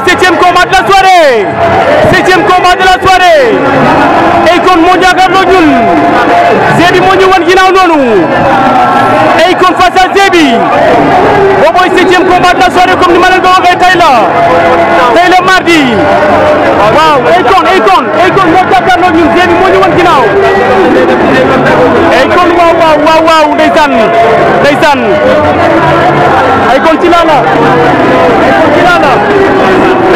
son septième combat de la soirée septième combat de la soirée Akon moo jàkkaarloo ñun Zebi moo ñu wan ginnaaw noonu Akon face à Zebi boo mooy septième combat de la soirée comme ni ma leen ko waxee tey la tey la mardi waaw Akon Akon Akon moo jàkkaarloo ñun Zebi moo ñu wan ginnaaw Akon waaw waaw waaw waaw ndeysaan ndeysaan Akon ci laa la Akon ci laa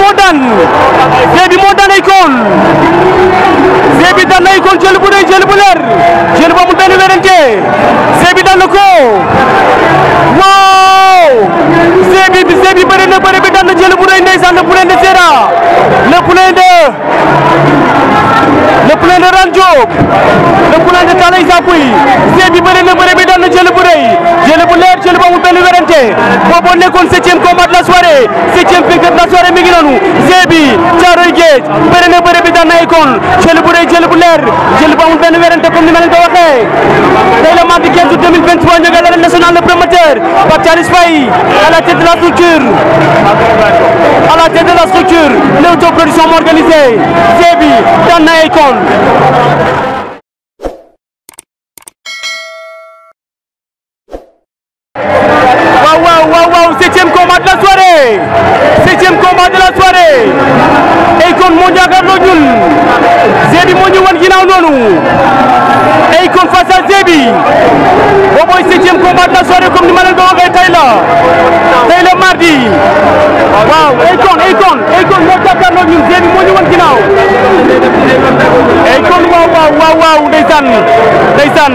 moo daan Zeybi moo daan ay kool Zeybi daan ay kool jël bu rëy jël bu leer jël bu amul daan na ko waaw Zeybi bi Zeybi bëri na bëri bi daan na jël bu rëy ndeysaan le poulain de Sera le poulain de le poulain amul benn werante boobu moo nekkoon septième combat de la soirée septième victoire de la soirée mi ngi noonu Zébi Thiaroye Géej bëri na bëri bi daan na Akon jël bu rëy jël bu leer jël bu amul benn werante comme ni ma leen ko waxee tey la mardi 15 août 2023 Ndiogay l'arène nationale le promoteur Pape Thialis Faye à la tête de la structure à la tête de la structure l'autoproduction organisée Zébi daan na Akon septième combat de la soirée septième combat de la soirée moo jàkkaarloo noonu Akon face à Zebi boo mooy septième combat de la ni ma leen ko waxee tey la tey la mardi waaw Akon Akon Akon moo jàkkaarloo ñun Zebi moo ñu wan ginnaaw Akon waaw waaw waaw ndeysaan ndeysaan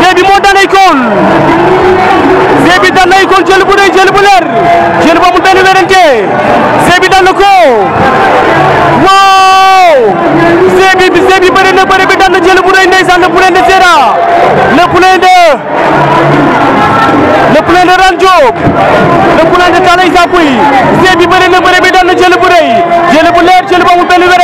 Zeybi moo daan ay kool Zeybi daan na bu rëy jël bu leer jël bu amul benn werante Zeybi daan na ko waaw Zeybi bi Zeybi bëri na bëri bi daan na jël bu rëy ndeysaan le poulain de Zera le poulain de le poulain Ran Diop le poulain de Talla Issa Pouye Zeybi bëri na bëri bi daan na bu rëy jël bu leer benn werante